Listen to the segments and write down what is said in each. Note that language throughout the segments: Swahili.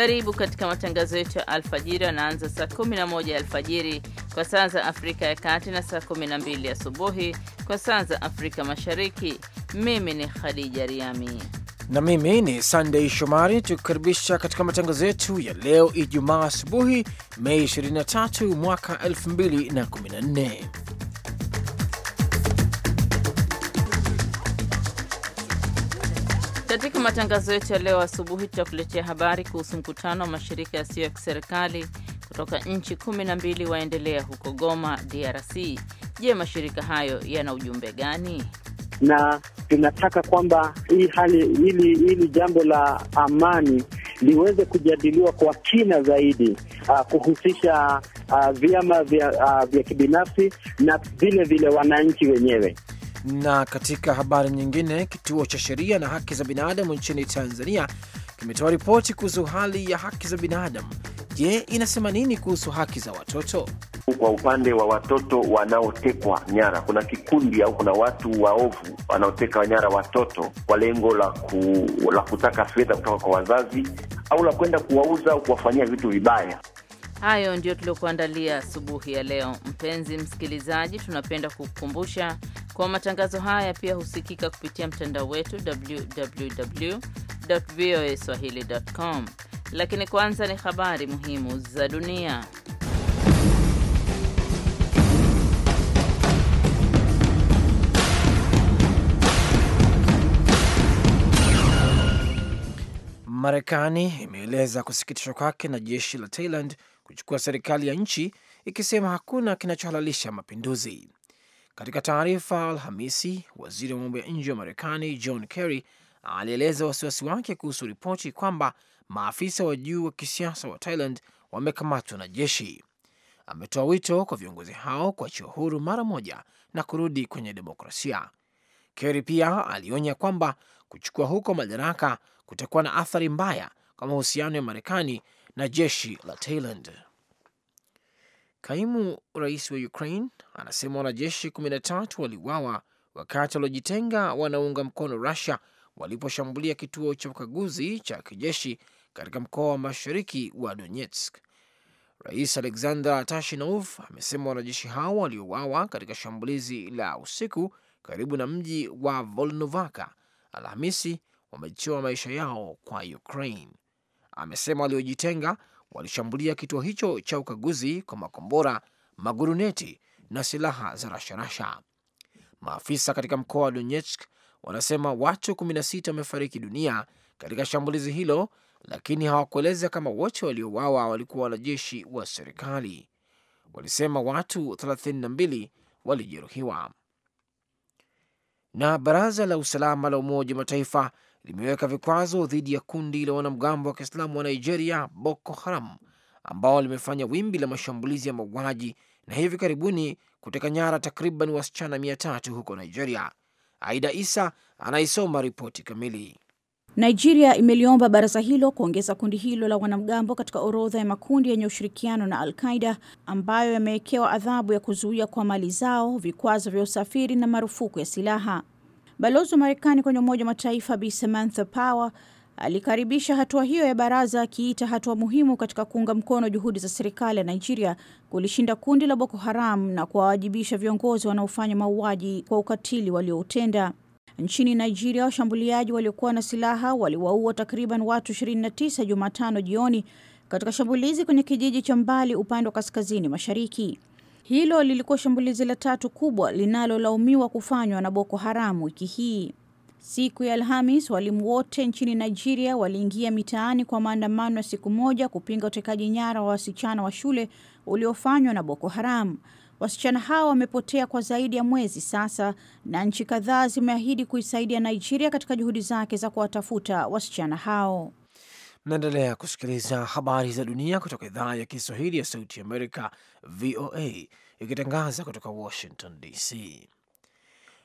Karibu katika matangazo yetu ya alfajiri, yanaanza saa 11 alfajiri kwa saa za Afrika ya Kati na saa 12 asubuhi kwa saa za Afrika Mashariki. Mimi ni Khadija Riami na mimi ni sandei Shomari, tukukaribisha katika matangazo yetu ya leo Ijumaa asubuhi, Mei 23 mwaka 2014. Katika matangazo yetu ya leo asubuhi, tutakuletea habari kuhusu mkutano wa mashirika yasiyo ya kiserikali kutoka nchi 12 waendelea huko Goma, DRC. Je, mashirika hayo yana ujumbe gani? na tunataka kwamba hii hali hili hili jambo la amani liweze kujadiliwa kwa kina zaidi, uh, kuhusisha uh, vyama vya, uh, vya kibinafsi na vile vile wananchi wenyewe. Na katika habari nyingine, kituo cha sheria na haki za binadamu nchini Tanzania kimetoa ripoti kuhusu hali ya haki za binadamu. Je, inasema nini kuhusu haki za watoto? Kwa upande wa watoto wanaotekwa nyara, kuna kikundi au kuna watu waovu wanaoteka nyara watoto kwa lengo la, ku, la kutaka fedha kutoka kwa wazazi au la kwenda kuwauza au kuwafanyia vitu vibaya. Hayo ndio tuliokuandalia asubuhi ya leo. Mpenzi msikilizaji, tunapenda kukukumbusha kwa matangazo haya pia husikika kupitia mtandao wetu www.voaswahili.com. Lakini kwanza ni habari muhimu za dunia. Marekani imeeleza kusikitishwa kwake na jeshi la Thailand kuchukua serikali ya nchi ikisema hakuna kinachohalalisha mapinduzi. Katika taarifa Alhamisi, waziri wa mambo ya nje wa Marekani John Kerry alieleza wasiwasi wake kuhusu ripoti kwamba maafisa wa juu wa kisiasa wa Thailand wamekamatwa na jeshi. Ametoa wito kwa viongozi hao kuachiwa huru mara moja na kurudi kwenye demokrasia. Kerry pia alionya kwamba kuchukua huko madaraka kutakuwa na athari mbaya kwa mahusiano ya Marekani na jeshi la Thailand. Kaimu rais wa Ukraine anasema wanajeshi 13 waliuawa wakati waliojitenga wanaunga mkono Rusia waliposhambulia kituo cha ukaguzi cha kijeshi katika mkoa wa mashariki wa Donetsk. Rais Alexander Tashinov amesema wanajeshi hao waliouawa katika shambulizi la usiku karibu na mji wa Volnovaka Alhamisi wamejitoa maisha yao kwa Ukraine amesema waliojitenga walishambulia kituo hicho cha ukaguzi kwa makombora, maguruneti na silaha za rasharasha. Maafisa katika mkoa wa Donetsk wanasema watu 16 wamefariki dunia katika shambulizi hilo, lakini hawakueleza kama wote waliouawa walikuwa wanajeshi wa serikali. Walisema watu 32 walijeruhiwa. Na baraza la usalama la Umoja wa Mataifa limeweka vikwazo dhidi ya kundi la wanamgambo wa Kiislamu wa Nigeria, Boko Haram, ambao limefanya wimbi la mashambulizi ya mauaji na hivi karibuni kuteka nyara takriban wasichana mia tatu huko Nigeria. Aida Isa anaisoma ripoti kamili. Nigeria imeliomba baraza hilo kuongeza kundi hilo la wanamgambo katika orodha ya makundi yenye ushirikiano na Al-Qaida ambayo yamewekewa adhabu ya kuzuia kwa mali zao, vikwazo vya usafiri na marufuku ya silaha. Balozi wa Marekani kwenye Umoja wa Mataifa Bi Samantha Power alikaribisha hatua hiyo ya baraza akiita hatua muhimu katika kuunga mkono juhudi za serikali ya Nigeria kulishinda kundi la Boko Haram na kuwawajibisha viongozi wanaofanya mauaji kwa ukatili walioutenda. Nchini Nigeria, washambuliaji waliokuwa na silaha waliwaua takriban watu 29 Jumatano jioni katika shambulizi kwenye kijiji cha mbali upande wa kaskazini mashariki. Hilo lilikuwa shambulizi la tatu kubwa linalolaumiwa kufanywa na Boko Haramu wiki hii. Siku ya Alhamis, walimu wote nchini Nigeria waliingia mitaani kwa maandamano ya siku moja kupinga utekaji nyara wa wasichana wa shule uliofanywa na Boko Haram. Wasichana hao wamepotea kwa zaidi ya mwezi sasa, na nchi kadhaa zimeahidi kuisaidia Nigeria katika juhudi zake za kuwatafuta wasichana hao. Naendelea kusikiliza habari za dunia kutoka idhaa ya Kiswahili ya Sauti ya Amerika, VOA, ikitangaza kutoka Washington DC.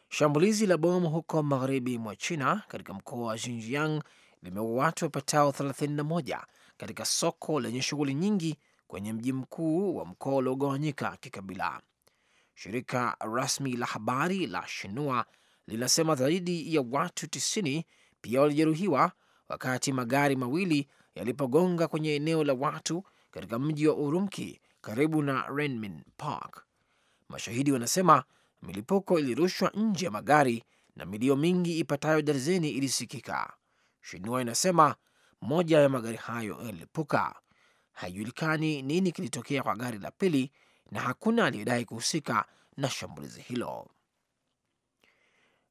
Shambulizi la bomu huko magharibi mwa China katika mkoa wa Xinjiang limeua watu wapatao 31 katika soko lenye shughuli nyingi kwenye mji mkuu wa mkoa uliogawanyika kikabila. Shirika rasmi la habari la Shinua linasema zaidi ya watu 90 pia walijeruhiwa wakati magari mawili yalipogonga kwenye eneo la watu katika mji wa urumki karibu na Renmin Park. Mashahidi wanasema milipuko ilirushwa nje ya magari na milio mingi ipatayo darzeni ilisikika. Shinua inasema moja ya magari hayo yalilipuka. Haijulikani nini kilitokea kwa gari la pili na hakuna aliyedai kuhusika na shambulizi hilo.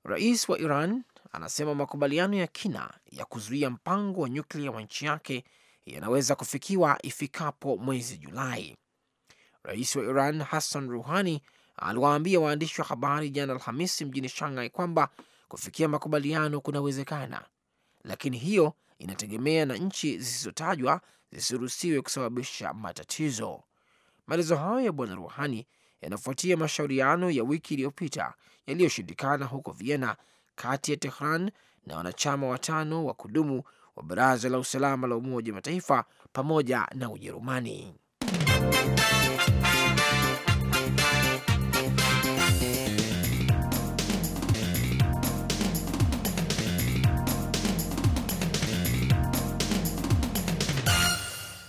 Rais wa Iran anasema makubaliano ya kina ya kuzuia mpango wa nyuklia wa nchi yake yanaweza kufikiwa ifikapo mwezi Julai. Rais wa Iran Hassan Ruhani aliwaambia waandishi wa habari jana Alhamisi mjini Shanghai kwamba kufikia makubaliano kunawezekana, lakini hiyo inategemea na nchi zisizotajwa zisiruhusiwe kusababisha matatizo. Maelezo hayo ya bwana Ruhani yanafuatia mashauriano ya wiki iliyopita yaliyoshindikana huko Vienna kati ya Tehran na wanachama watano wa kudumu wa Baraza la Usalama la Umoja wa Mataifa pamoja na Ujerumani.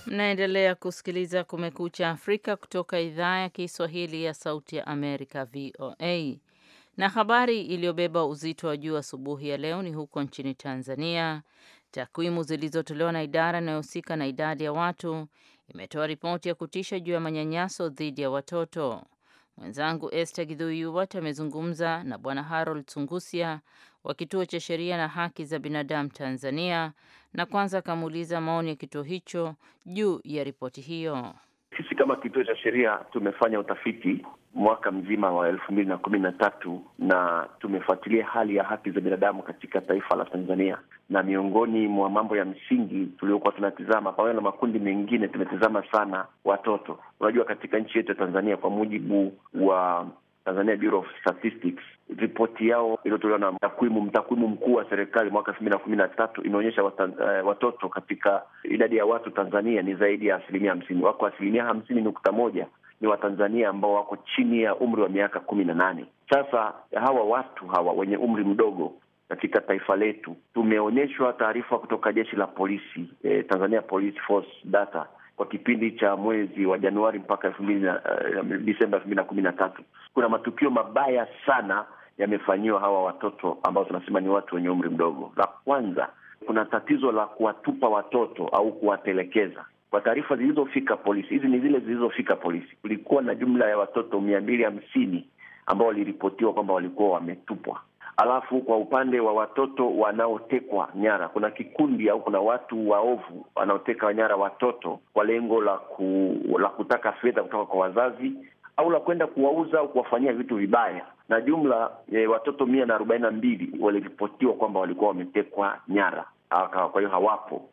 Mnaendelea kusikiliza Kumekucha Afrika kutoka idhaa ya Kiswahili ya Sauti ya Amerika, VOA. Na habari iliyobeba uzito wa juu asubuhi ya leo ni huko nchini Tanzania. Takwimu zilizotolewa na idara inayohusika na idadi ya watu imetoa ripoti ya kutisha juu ya manyanyaso dhidi ya watoto. Mwenzangu Esther Gidhuyuwat amezungumza na Bwana Harold Sungusia wa Kituo cha Sheria na Haki za Binadamu Tanzania, na kwanza akamuuliza maoni ya kituo hicho juu ya ripoti hiyo. Sisi kama kituo cha sheria tumefanya utafiti mwaka mzima wa elfu mbili na kumi na tatu na tumefuatilia hali ya haki za binadamu katika taifa la Tanzania, na miongoni mwa mambo ya msingi tuliokuwa tunatizama pamoja na makundi mengine, tumetizama sana watoto. Unajua, katika nchi yetu ya Tanzania, kwa mujibu wa Tanzania Bureau of Statistics, ripoti yao iliyotolewa na takwimu mtakwimu mkuu wa serikali mwaka elfu mbili na kumi na tatu inaonyesha eh, watoto katika idadi ya watu Tanzania ni zaidi ya asilimia hamsini. Wako asilimia hamsini nukta moja ni Watanzania ambao wako chini ya umri wa miaka kumi na nane. Sasa hawa watu hawa wenye umri mdogo katika taifa letu, tumeonyeshwa taarifa kutoka jeshi la polisi eh, Tanzania Police Force data kwa kipindi cha mwezi wa Januari mpaka elfu mbili na eh, Disemba elfu mbili na kumi na tatu kuna matukio mabaya sana yamefanyiwa hawa watoto ambao tunasema ni watu wenye umri mdogo. La kwanza, kuna tatizo la kuwatupa watoto au kuwatelekeza. Kwa taarifa zilizofika polisi, hizi ni zile zilizofika polisi, kulikuwa na jumla ya watoto mia mbili hamsini ambao waliripotiwa kwamba walikuwa wametupwa Alafu kwa upande wa watoto wanaotekwa nyara, kuna kikundi au kuna watu waovu wanaoteka nyara watoto kwa lengo la, ku, la kutaka fedha kutoka kwa wazazi au la kwenda kuwauza au kuwafanyia vitu vibaya na jumla e, watoto mia na arobaini na mbili waliripotiwa kwamba walikuwa wametekwa nyara. Kwa hiyo hawapo,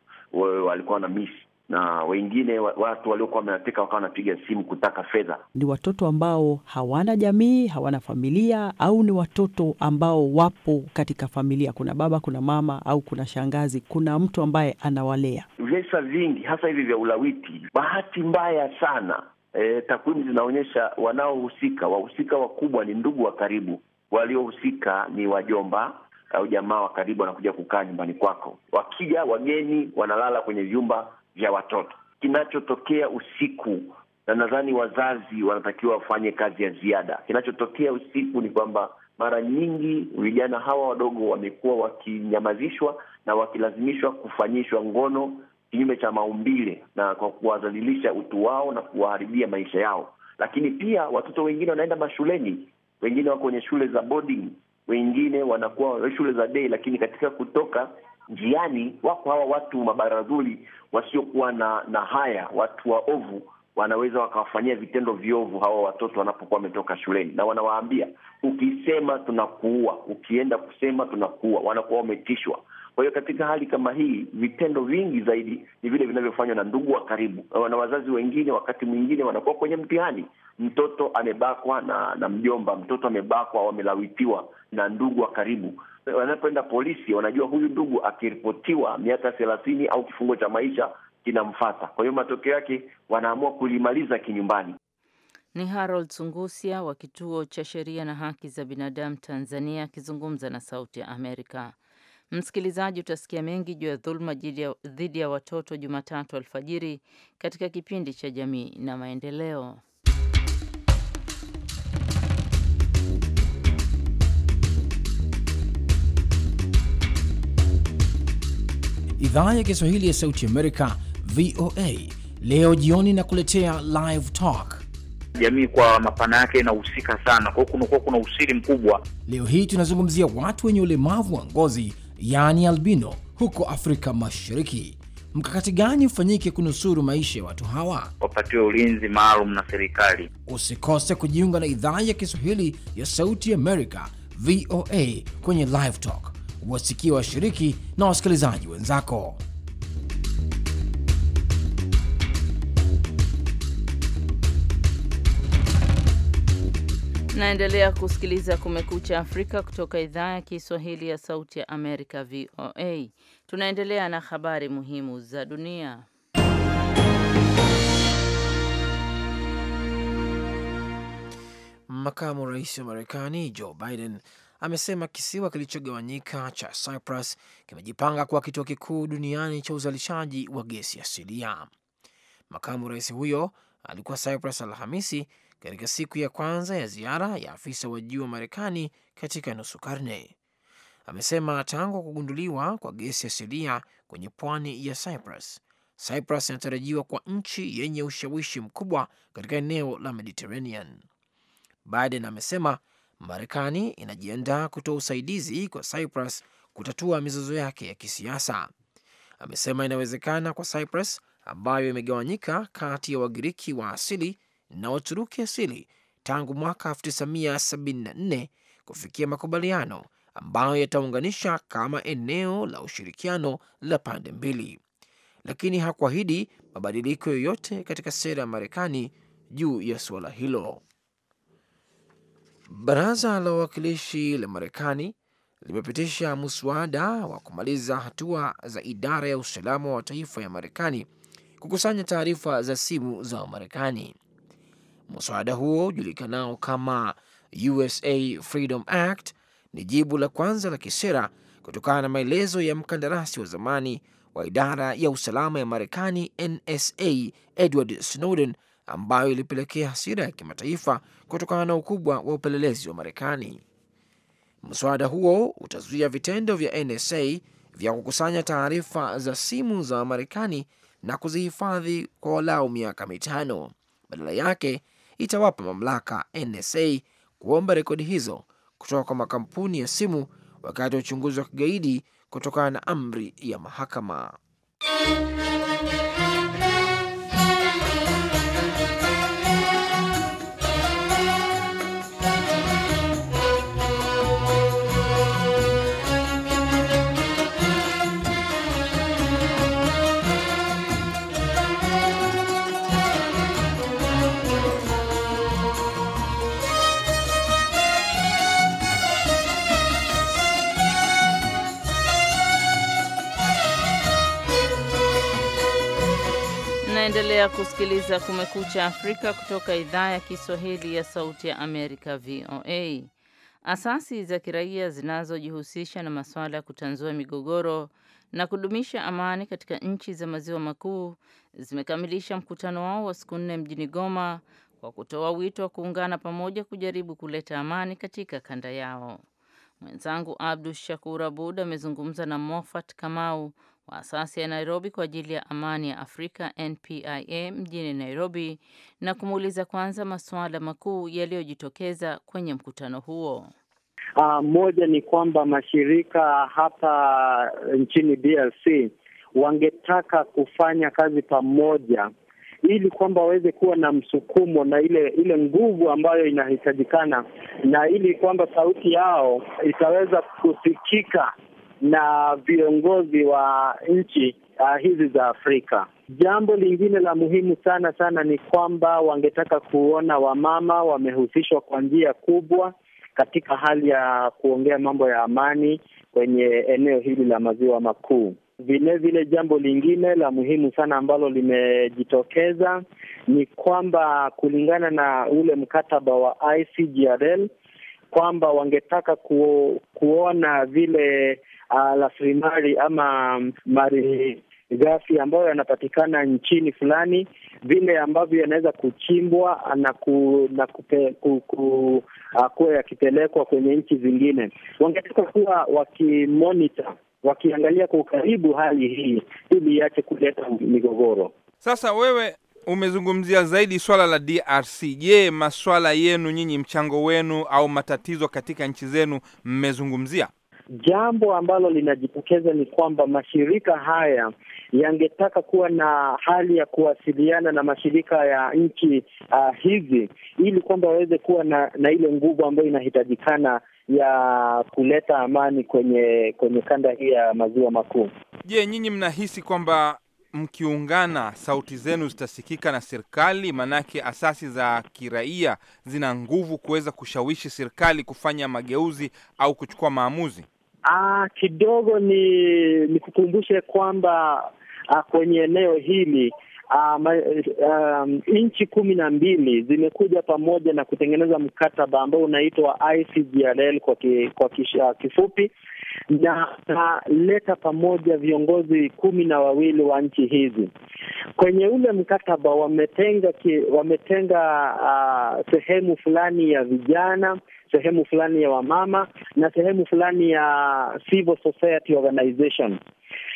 walikuwa na misi na wengine watu waliokuwa wameateka wakawa wanapiga simu kutaka fedha. Ni watoto ambao hawana jamii, hawana familia, au ni watoto ambao wapo katika familia, kuna baba, kuna mama, au kuna shangazi, kuna mtu ambaye anawalea. Visa vingi hasa hivi vya ulawiti, bahati mbaya sana e, takwimu zinaonyesha wanaohusika, wahusika wakubwa ni ndugu wa karibu, waliohusika ni wajomba au jamaa wa karibu, wanakuja kukaa nyumbani kwako, wakija wageni wanalala kwenye vyumba vya watoto kinachotokea usiku, na nadhani wazazi wanatakiwa wafanye kazi ya ziada. Kinachotokea usiku ni kwamba mara nyingi vijana hawa wadogo wamekuwa wakinyamazishwa na wakilazimishwa kufanyishwa ngono kinyume cha maumbile, na kwa kuwadhalilisha utu wao na kuwaharibia maisha yao. Lakini pia watoto wengine wanaenda mashuleni, wengine wako kwenye shule za boarding, wengine wanakuwa shule za day, lakini katika kutoka njiani wako hawa watu mabaradhuli wasiokuwa na na haya, watu waovu wanaweza wakawafanyia vitendo viovu hawa watoto wanapokuwa wametoka shuleni, na wanawaambia ukisema tunakuua, ukienda kusema tunakuua. Wanakuwa wametishwa. Kwa hiyo katika hali kama hii, vitendo vingi zaidi ni vile vinavyofanywa na ndugu wa karibu na wazazi wengine. Wakati mwingine wanakuwa kwenye mtihani, mtoto amebakwa na na mjomba, mtoto amebakwa au amelawitiwa na ndugu wa karibu, wanapoenda polisi wanajua huyu ndugu akiripotiwa miaka thelathini au kifungo cha maisha kinamfata. Kwa hiyo matokeo yake wanaamua kulimaliza kinyumbani. Ni Harold Sungusia wa Kituo cha Sheria na Haki za Binadamu Tanzania akizungumza na Sauti ya Amerika. Msikilizaji, utasikia mengi juu ya dhuluma dhidi ya watoto Jumatatu alfajiri katika kipindi cha Jamii na Maendeleo. idhaa ya Kiswahili ya Sauti Amerika, VOA. Leo jioni na kuletea Live Talk. Jamii kwa mapana yake inahusika sana, kwa kunakuwa kuna usiri mkubwa. Leo hii tunazungumzia watu wenye ulemavu wa ngozi, yaani albino, huko Afrika Mashariki. Mkakati gani ufanyike kunusuru maisha ya watu hawa? Wapatiwe ulinzi maalum na serikali. Usikose kujiunga na idhaa ya Kiswahili ya Sauti Amerika, VOA, kwenye Live Talk kuwasikia washiriki na wasikilizaji wenzako. Naendelea kusikiliza Kumekucha Afrika kutoka idhaa ya Kiswahili ya Sauti ya Amerika, VOA. Tunaendelea na habari muhimu za dunia. Makamu rais wa Marekani Joe Biden amesema kisiwa kilichogawanyika cha Cyprus kimejipanga kuwa kituo kikuu duniani cha uzalishaji wa gesi asilia. Makamu rais huyo alikuwa Cyprus Alhamisi katika siku ya kwanza ya ziara ya afisa wa juu wa Marekani katika nusu karne. Amesema tangu kugunduliwa kwa gesi asilia kwenye pwani ya Cyprus, Cyprus inatarajiwa kwa nchi yenye ushawishi mkubwa katika eneo la Mediterranean. Biden amesema Marekani inajiandaa kutoa usaidizi kwa Cyprus kutatua mizozo yake ya kisiasa. Amesema inawezekana kwa Cyprus ambayo imegawanyika kati ya Wagiriki wa asili na Waturuki asili tangu mwaka 1974 kufikia makubaliano ambayo yataunganisha kama eneo la ushirikiano la pande mbili, lakini hakuahidi mabadiliko yoyote katika sera ya Marekani juu ya suala hilo. Baraza la Wawakilishi la Marekani limepitisha muswada wa kumaliza hatua za idara ya usalama wa taifa ya Marekani kukusanya taarifa za simu za Wamarekani. Muswada huo ujulikanao kama USA Freedom Act ni jibu la kwanza la kisera kutokana na maelezo ya mkandarasi wa zamani wa idara ya usalama ya Marekani NSA Edward Snowden ambayo ilipelekea hasira ya kimataifa kutokana na ukubwa wa upelelezi wa Marekani. Mswada huo utazuia vitendo vya NSA vya kukusanya taarifa za simu za Wamarekani na kuzihifadhi kwa walau miaka mitano. Badala yake itawapa mamlaka NSA kuomba rekodi hizo kutoka kwa makampuni ya simu wakati wa uchunguzi wa kigaidi kutokana na amri ya mahakama. Unaendelea kusikiliza Kumekucha Afrika kutoka idhaa ya Kiswahili ya Sauti ya Amerika, VOA. Asasi za kiraia zinazojihusisha na masuala ya kutanzua migogoro na kudumisha amani katika nchi za maziwa makuu zimekamilisha mkutano wao wa siku nne mjini Goma kwa kutoa wito wa kuungana pamoja kujaribu kuleta amani katika kanda yao. Mwenzangu Abdu Shakur Abud amezungumza na Mofat Kamau wa asasi ya Nairobi kwa ajili ya amani ya Afrika NPIA mjini Nairobi na kumuuliza kwanza masuala makuu yaliyojitokeza kwenye mkutano huo. Uh, moja ni kwamba mashirika hapa nchini DRC wangetaka kufanya kazi pamoja ili kwamba waweze kuwa na msukumo na ile ile nguvu ambayo inahitajikana na ili kwamba sauti yao itaweza kusikika na viongozi wa nchi uh, hizi za Afrika. Jambo lingine la muhimu sana sana ni kwamba wangetaka kuona wamama wamehusishwa kwa njia kubwa katika hali ya kuongea mambo ya amani kwenye eneo hili la maziwa makuu. vilevile jambo lingine la muhimu sana ambalo limejitokeza ni kwamba kulingana na ule mkataba wa ICGLR kwamba wangetaka kuona vile rasilimali ama mali ghafi ambayo yanapatikana nchini fulani, vile ambavyo yanaweza kuchimbwa na ku, na kupe, ku, ku, kuwa yakipelekwa kwenye nchi zingine. Wangetaka kuwa wakimonita, wakiangalia kwa ukaribu hali hii ili iache kuleta migogoro. Sasa wewe umezungumzia zaidi swala la DRC. Je, maswala yenu nyinyi, mchango wenu au matatizo katika nchi zenu mmezungumzia? Jambo ambalo linajitokeza ni kwamba mashirika haya yangetaka kuwa na hali ya kuwasiliana na mashirika ya nchi uh, hizi ili kwamba waweze kuwa na, na ile nguvu ambayo inahitajikana ya kuleta amani kwenye kwenye kanda hii ya maziwa makuu. Je, nyinyi mnahisi kwamba mkiungana, sauti zenu zitasikika na serikali, maanake asasi za kiraia zina nguvu kuweza kushawishi serikali kufanya mageuzi au kuchukua maamuzi? Aa, ah, kidogo ni nikukumbushe kwamba a, ah, kwenye eneo hili um, nchi kumi na mbili zimekuja pamoja na kutengeneza mkataba ambao unaitwa ICGLR kwa, ki, kwa kisha, kifupi na ataleta pamoja viongozi kumi na wawili wa nchi hizi. Kwenye ule mkataba wametenga ki, wametenga uh, sehemu fulani ya vijana, sehemu fulani ya wamama na sehemu fulani ya civil society organization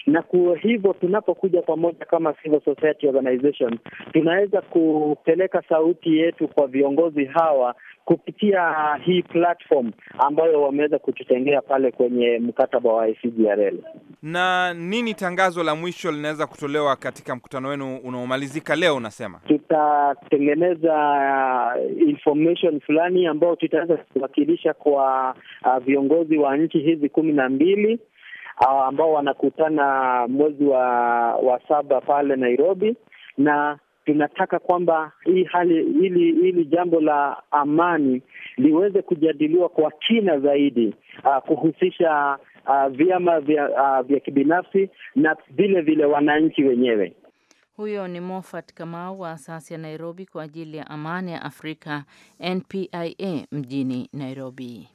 na kwa hivyo tunapokuja pamoja kama civil society organization, tunaweza kupeleka sauti yetu kwa viongozi hawa kupitia hii platform ambayo wameweza kututengea pale kwenye mkataba wa ICGRL. Na nini tangazo la mwisho linaweza kutolewa katika mkutano wenu unaomalizika leo? Unasema tutatengeneza uh, information fulani ambayo tutaweza kuwakilisha kwa uh, viongozi wa nchi hizi kumi na mbili ambao wanakutana mwezi wa, wa saba pale Nairobi, na tunataka kwamba hii hali hili hili jambo la amani liweze kujadiliwa kwa kina zaidi, uh, kuhusisha uh, vyama vya, uh, vya kibinafsi na vile vile wananchi wenyewe. Huyo ni Mofat Kamau wa asasi ya Nairobi kwa ajili ya amani ya Afrika NPIA mjini Nairobi.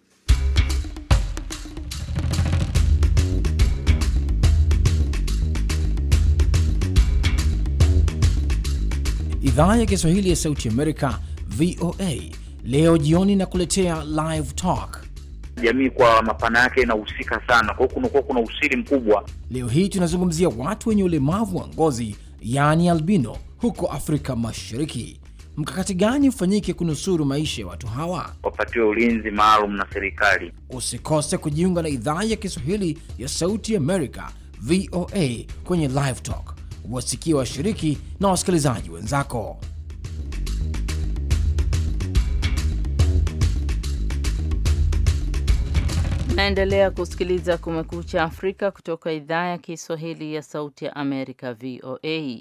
idhaa ya Kiswahili ya Sauti Amerika, VOA. Leo jioni na kuletea Live Talk. Jamii kwa mapana yake inahusika sana, kwa hiyo kunakuwa kuna usiri mkubwa. Leo hii tunazungumzia watu wenye ulemavu wa ngozi, yaani albino, huko Afrika Mashariki. Mkakati gani ufanyike kunusuru maisha ya watu hawa? Wapatiwe ulinzi maalum na serikali. Usikose kujiunga na idhaa ya Kiswahili ya Sauti Amerika, VOA, kwenye Live Talk wasikia washiriki na wasikilizaji wenzako. Naendelea kusikiliza Kumekucha Afrika kutoka idhaa ya Kiswahili ya Sauti ya Amerika, VOA.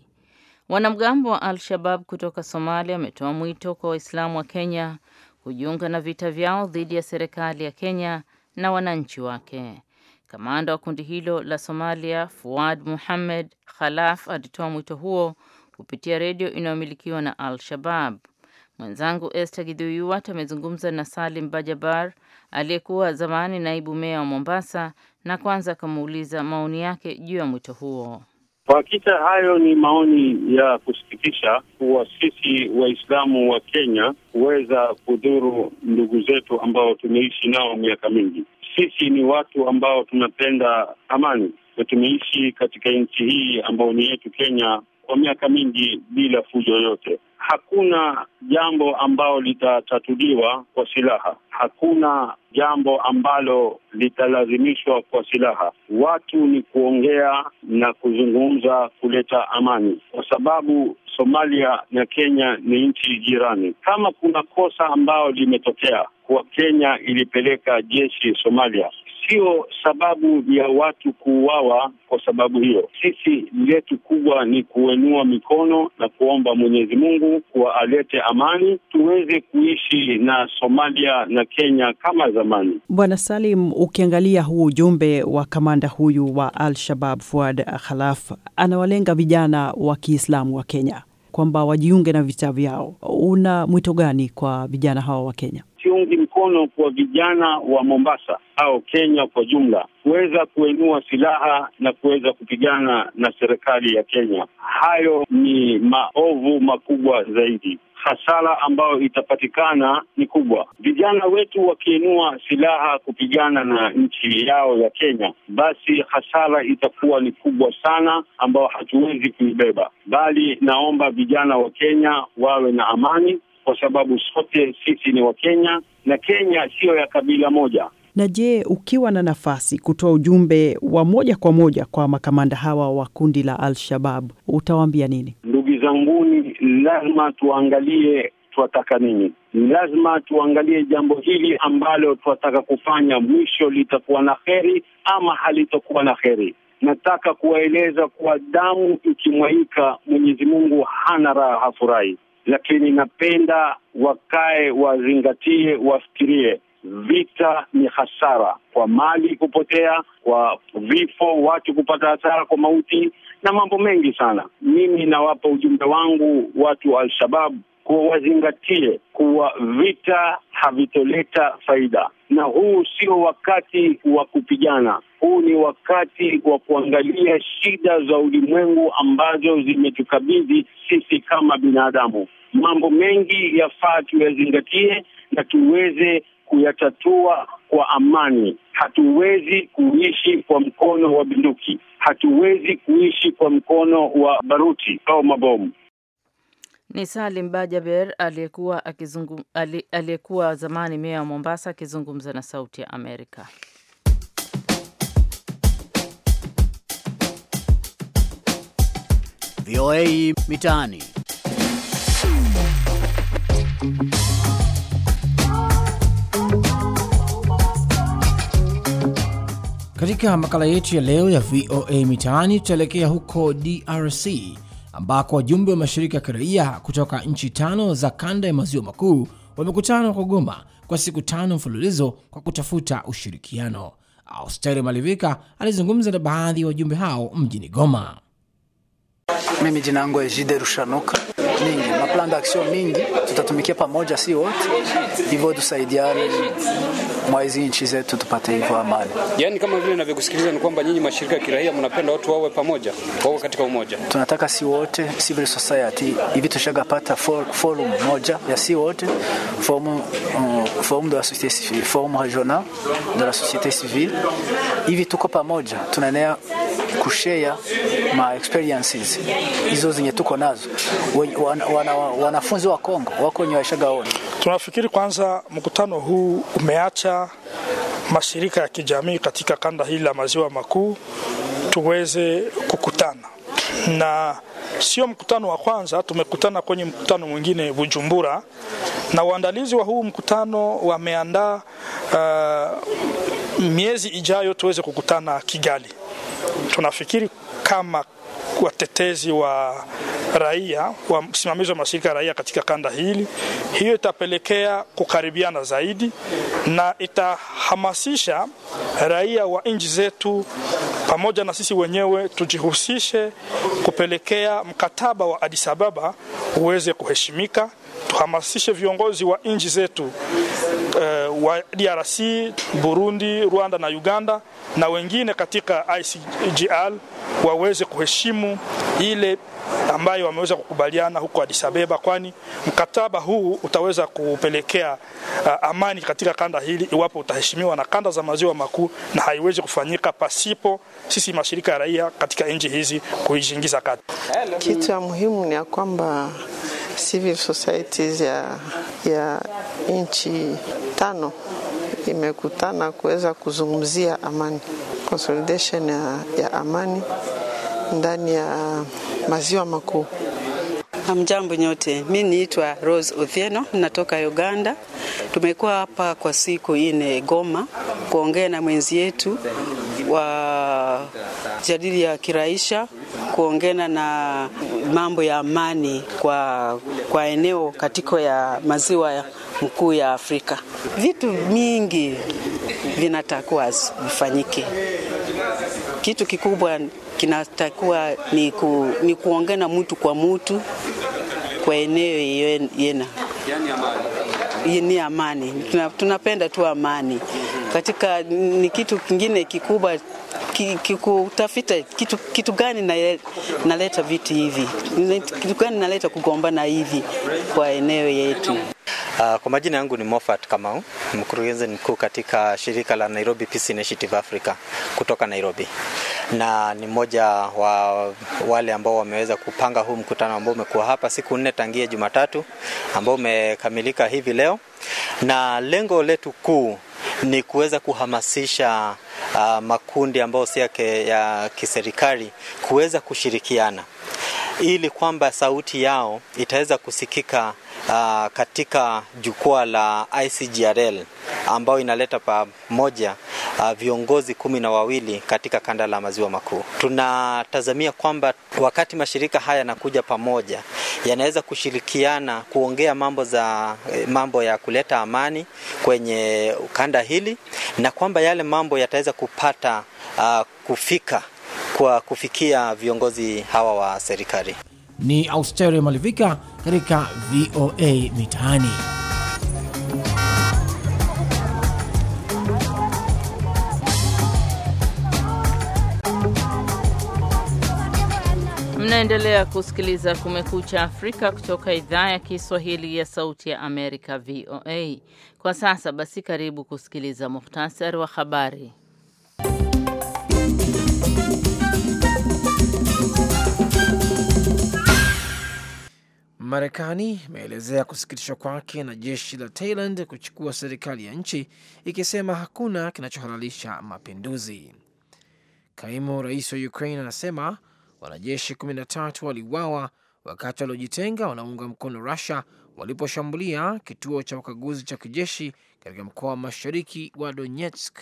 Wanamgambo wa Al-Shabab kutoka Somalia wametoa mwito kwa Waislamu wa Kenya kujiunga na vita vyao dhidi ya serikali ya Kenya na wananchi wake. Kamanda wa kundi hilo la Somalia Fuad muhammed Khalaf alitoa mwito huo kupitia redio inayomilikiwa na Al-Shabab. Mwenzangu Esther gidhuyuat amezungumza na Salim Bajabar aliyekuwa zamani naibu meya wa Mombasa na kwanza akamuuliza maoni yake juu ya mwito huo. Kwa hakika hayo ni maoni ya kusikitisha kuwa sisi Waislamu wa Kenya huweza kudhuru ndugu zetu ambao tumeishi nao miaka mingi sisi ni watu ambao tunapenda amani na tumeishi katika nchi hii ambayo ni yetu Kenya kwa miaka mingi bila fujo yoyote. Hakuna jambo ambalo litatatuliwa kwa silaha, hakuna jambo ambalo litalazimishwa kwa silaha. Watu ni kuongea na kuzungumza kuleta amani, kwa sababu Somalia na Kenya ni nchi jirani. Kama kuna kosa ambayo limetokea kuwa Kenya ilipeleka jeshi Somalia, sio sababu ya watu kuuawa kwa sababu hiyo. Sisi letu kubwa ni kuinua mikono na kuomba Mwenyezi Mungu kuwa alete amani, tuweze kuishi na Somalia na Kenya kama zamani. Bwana Salim, ukiangalia huu ujumbe wa kamanda huyu wa Al-Shabab Fuad Khalaf, anawalenga vijana wa Kiislamu wa Kenya kwamba wajiunge na vita vyao. Una mwito gani kwa vijana hawa wa Kenya? siungi mkono kwa vijana wa Mombasa au Kenya kwa jumla kuweza kuinua silaha na kuweza kupigana na serikali ya Kenya. Hayo ni maovu makubwa zaidi. Hasara ambayo itapatikana ni kubwa. Vijana wetu wakiinua silaha kupigana na nchi yao ya Kenya, basi hasara itakuwa ni kubwa sana, ambayo hatuwezi kuibeba, bali naomba vijana wa Kenya wawe na amani kwa sababu sote sisi ni Wakenya na Kenya siyo ya kabila moja. Na je, ukiwa na nafasi kutoa ujumbe wa moja kwa moja kwa makamanda hawa wa kundi la Al-Shabab utawaambia nini? Ndugu zanguni, lazima tuangalie twataka nini. Lazima tuangalie jambo hili ambalo twataka kufanya, mwisho litakuwa na heri ama halitakuwa na heri. Nataka kuwaeleza kuwa damu ikimwaika, Mwenyezi Mungu hana raha, hafurahi lakini napenda wakae, wazingatie, wafikirie Vita ni hasara kwa mali kupotea, kwa vifo, watu kupata hasara kwa mauti na mambo mengi sana. Mimi nawapa ujumbe wangu watu wa Al-Shabab wazingatie kuwa vita havitoleta faida, na huu sio wakati wa kupigana. Huu ni wakati wa kuangalia shida za ulimwengu ambazo zimetukabidhi sisi kama binadamu. Mambo mengi yafaa tuyazingatie na tuweze kuyatatua kwa amani. Hatuwezi kuishi kwa mkono wa bunduki, hatuwezi kuishi kwa mkono wa baruti au mabomu. Ni Salim Bajaber aliyekuwa aliyekuwa zamani meya wa Mombasa akizungumza na Sauti ya Amerika. VOA Mitaani. Katika makala yetu ya leo ya VOA Mitaani tutaelekea huko DRC ambako wajumbe wa mashirika ya kiraia kutoka nchi tano za kanda ya maziwa makuu wamekutana kwa Goma kwa siku tano mfululizo kwa kutafuta ushirikiano. Austeri Malivika alizungumza na baadhi ya wajumbe hao mjini Goma. Mimi jina yangu Ejide Rushanuka. Mingi maplan d'action mingi tutatumikia pamoja, si wote hivyo, tusaidiane mwa hizi nchi zetu tupate hivyo amani. Yaani kama vile ninavyokusikiliza ni kwamba nyinyi mashirika ya kiraia mnapenda watu wawe pamoja, wawe katika umoja. Tunataka si wote civil society hivi, tushagapata forum moja ya si wote forum mm, forum de la société civile, forum regional de la société civile. Hivi tuko pamoja, tunaenea kushare ma experiences hizo zenye tuko nazo. Wana, wanafunzi wa Kongo wako wenye waishagaoni. Tunafikiri kwanza mkutano huu umeacha mashirika ya kijamii katika kanda hili la maziwa makuu tuweze kukutana na sio mkutano wa kwanza. Tumekutana kwenye mkutano mwingine Bujumbura, na uandalizi wa huu mkutano wameandaa uh, miezi ijayo tuweze kukutana Kigali tunafikiri kama watetezi wa raia wa msimamizi wa mashirika ya raia katika kanda hili, hiyo itapelekea kukaribiana zaidi na itahamasisha raia wa nchi zetu pamoja na sisi wenyewe tujihusishe kupelekea mkataba wa Addis Ababa uweze kuheshimika. Tuhamasishe viongozi wa nchi zetu uh, wa DRC, Burundi, Rwanda na Uganda na wengine katika ICGL waweze kuheshimu ile ambayo wameweza kukubaliana huko Addis Abeba, kwani mkataba huu utaweza kupelekea uh, amani katika kanda hili iwapo utaheshimiwa na kanda za maziwa makuu, na haiwezi kufanyika pasipo sisi mashirika ya raia katika nchi hizi kuijiingiza kati. Kitu ya muhimu ni ya kwamba civil societies ya, ya nchi tano imekutana kuweza kuzungumzia amani, consolidation ya, ya amani ndani ya maziwa makuu. mjambo nyote, mi niitwa Rose Othieno, natoka Uganda. Tumekuwa hapa kwa siku ine Goma kuongea na mwenzi yetu wa jadili ya kiraisha kuongena na mambo ya amani kwa, kwa eneo katiko ya maziwa mkuu ya Afrika. Vitu mingi vinatakiwa vifanyike. Kitu kikubwa kinatakiwa ni, ku, ni kuongena mtu kwa mutu kwa eneo yena, yani amani. Ni amani, tunapenda tu amani katika ni kitu kingine kikubwa kikutafita kitu, kitu gani naleta vitu hivi, kitu gani naleta kugombana hivi kwa eneo yetu. Uh, kwa majina yangu ni Moffat Kamau, mkurugenzi mkuu katika shirika la Nairobi Peace Initiative Africa kutoka Nairobi, na ni mmoja wa wale ambao wameweza kupanga huu mkutano ambao umekuwa hapa siku nne tangia Jumatatu ambao umekamilika hivi leo, na lengo letu kuu ni kuweza kuhamasisha uh, makundi ambayo si ya kiserikali kuweza kushirikiana ili kwamba sauti yao itaweza kusikika uh, katika jukwaa la ICGRL ambayo inaleta pamoja uh, viongozi kumi na wawili katika kanda la maziwa makuu. Tunatazamia kwamba wakati mashirika haya yanakuja pamoja, yanaweza kushirikiana kuongea mambo za eh, mambo ya kuleta amani kwenye kanda hili na kwamba yale mambo yataweza kupata uh, kufika kwa kufikia viongozi hawa wa serikali. Ni Austerio Malivika katika VOA Mitaani. Mnaendelea kusikiliza Kumekucha Afrika kutoka idhaa ya Kiswahili ya Sauti ya Amerika, VOA. Kwa sasa basi, karibu kusikiliza muhtasari wa habari. Marekani imeelezea kusikitishwa kwake na jeshi la Thailand kuchukua serikali ya nchi ikisema hakuna kinachohalalisha mapinduzi. Kaimu rais wa Ukraine anasema wanajeshi 13 waliuawa wakati waliojitenga wanaunga mkono Rusia waliposhambulia kituo cha ukaguzi cha kijeshi katika mkoa wa mashariki wa Donetsk.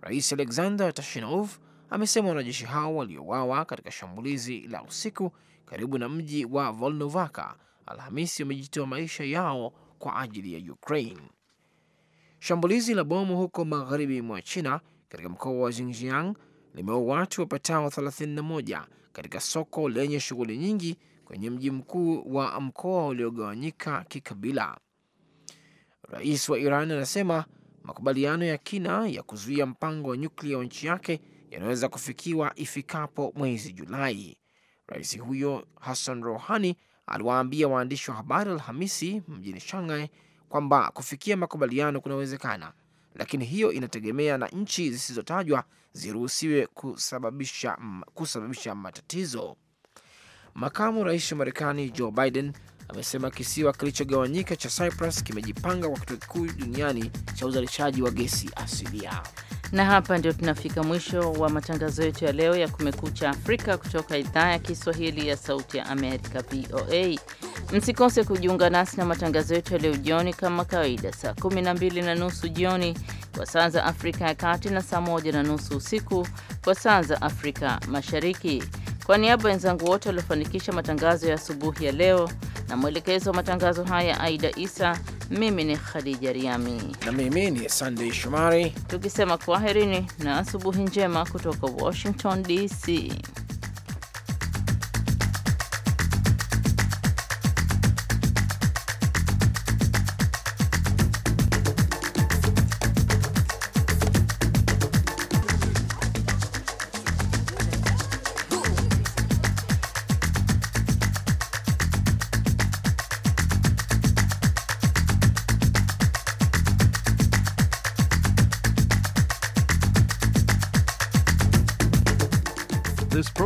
Rais Alexander Tashinov amesema wanajeshi hao waliouawa katika shambulizi la usiku karibu na mji wa Volnovaka Alhamisi wamejitoa maisha yao kwa ajili ya Ukraine. Shambulizi la bomu huko magharibi mwa China katika mkoa wa Xinjiang limeua watu wapatao 31 katika soko lenye shughuli nyingi kwenye mji mkuu wa mkoa uliogawanyika kikabila. Rais wa Iran anasema makubaliano ya kina ya kuzuia mpango wa nyuklia wa nchi yake yanaweza kufikiwa ifikapo mwezi Julai. Rais huyo Hassan Rouhani aliwaambia waandishi wa habari Alhamisi mjini Shanghai kwamba kufikia makubaliano kunawezekana, lakini hiyo inategemea na nchi zisizotajwa ziruhusiwe kusababisha, kusababisha matatizo. Makamu rais wa Marekani Joe Biden amesema kisiwa kilichogawanyika cha Cyprus kimejipanga kwa kituo kikuu duniani cha uzalishaji wa gesi asilia. Na hapa ndio tunafika mwisho wa matangazo yetu ya leo ya Kumekucha Afrika kutoka idhaa ya Kiswahili ya Sauti ya Amerika, VOA. Msikose kujiunga nasi na matangazo yetu ya leo jioni kama kawaida, saa 12 na nusu jioni kwa saa za Afrika ya Kati na saa 1 na nusu usiku kwa saa za Afrika Mashariki. Kwa niaba ya wenzangu wote waliofanikisha matangazo ya asubuhi ya leo na mwelekezo wa matangazo haya Aida Isa, mimi ni Khadija Riami na mimi ni sandey Shomari, tukisema kwaherini na asubuhi njema kutoka Washington DC.